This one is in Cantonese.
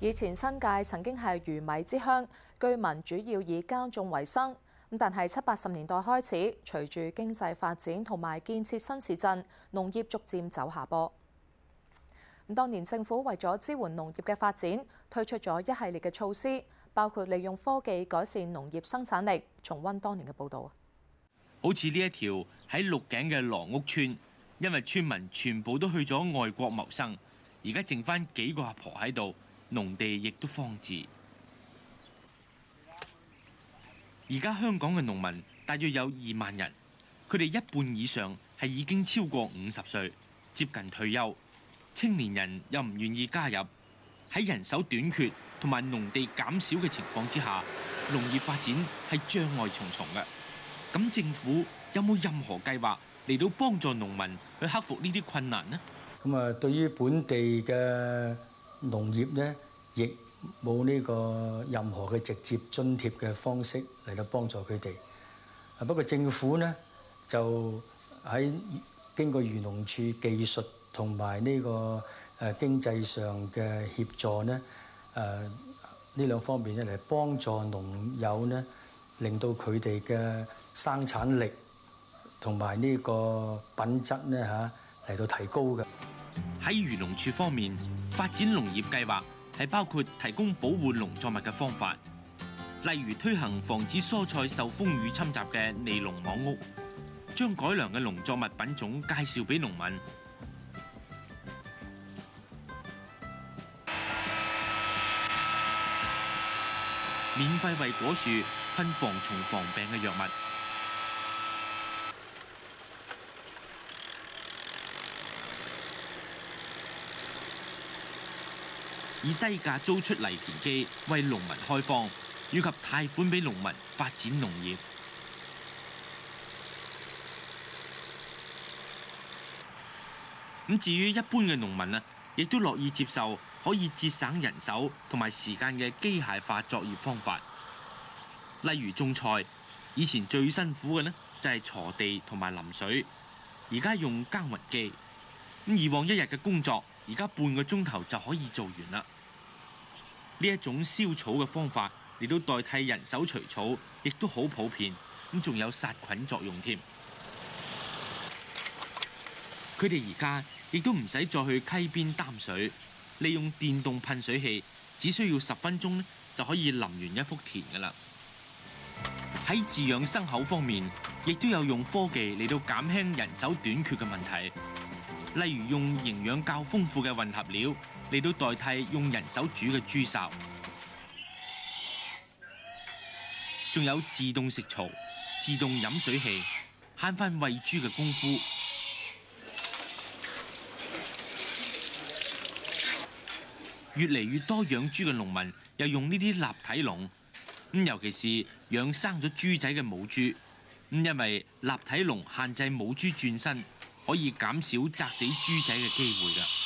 以前新界曾經係魚米之鄉，居民主要以耕種為生。咁但係七八十年代開始，隨住經濟發展同埋建設新市鎮，農業逐漸走下坡。咁當年政府為咗支援農業嘅發展，推出咗一系列嘅措施，包括利用科技改善農業生產力。重溫當年嘅報導，好似呢一條喺鹿頸嘅羅屋村，因為村民全部都去咗外國謀生，而家剩翻幾個阿婆喺度。農地亦都荒置，而家香港嘅農民大約有二萬人，佢哋一半以上係已經超過五十歲，接近退休，青年人又唔願意加入，喺人手短缺同埋農地減少嘅情況之下，農業發展係障礙重重嘅。咁政府有冇任何計劃嚟到幫助農民去克服呢啲困難呢？咁啊，對於本地嘅農業呢，亦冇呢個任何嘅直接津貼嘅方式嚟到幫助佢哋。啊，不過政府呢，就喺經過漁農處技術同埋呢個誒經濟上嘅協助呢，誒呢兩方面一嚟幫助農友呢，令到佢哋嘅生產力同埋呢個品質呢吓嚟到提高嘅。喺漁農處方面發展農業計劃係包括提供保護農作物嘅方法，例如推行防止蔬菜受風雨侵襲嘅尼龍網屋，將改良嘅農作物品種介紹俾農民，免費為果樹噴防蟲防病嘅藥物。以低價租出犁田機為農民開荒，以及貸款俾農民發展農業。咁至於一般嘅農民啊，亦都樂意接受可以節省人手同埋時間嘅機械化作業方法，例如種菜。以前最辛苦嘅呢，就係鋤地同埋淋水，而家用耕耘機。咁以往一日嘅工作，而家半個鐘頭就可以做完啦。呢一種燒草嘅方法嚟到代替人手除草，亦都好普遍。咁仲有殺菌作用添。佢哋而家亦都唔使再去溪邊擔水，利用電動噴水器，只需要十分鐘就可以淋完一幅田㗎喇。喺飼養牲口方面，亦都有用科技嚟到減輕人手短缺嘅問題。例如用營養較豐富嘅混合料嚟到代替用人手煮嘅豬潲，仲有自動食槽、自動飲水器，慳翻餵豬嘅功夫。越嚟越多養豬嘅農民又用呢啲立體籠，咁尤其是養生咗豬仔嘅母豬，咁因為立體籠限制母豬轉身。可以減少砸死豬仔嘅機會㗎。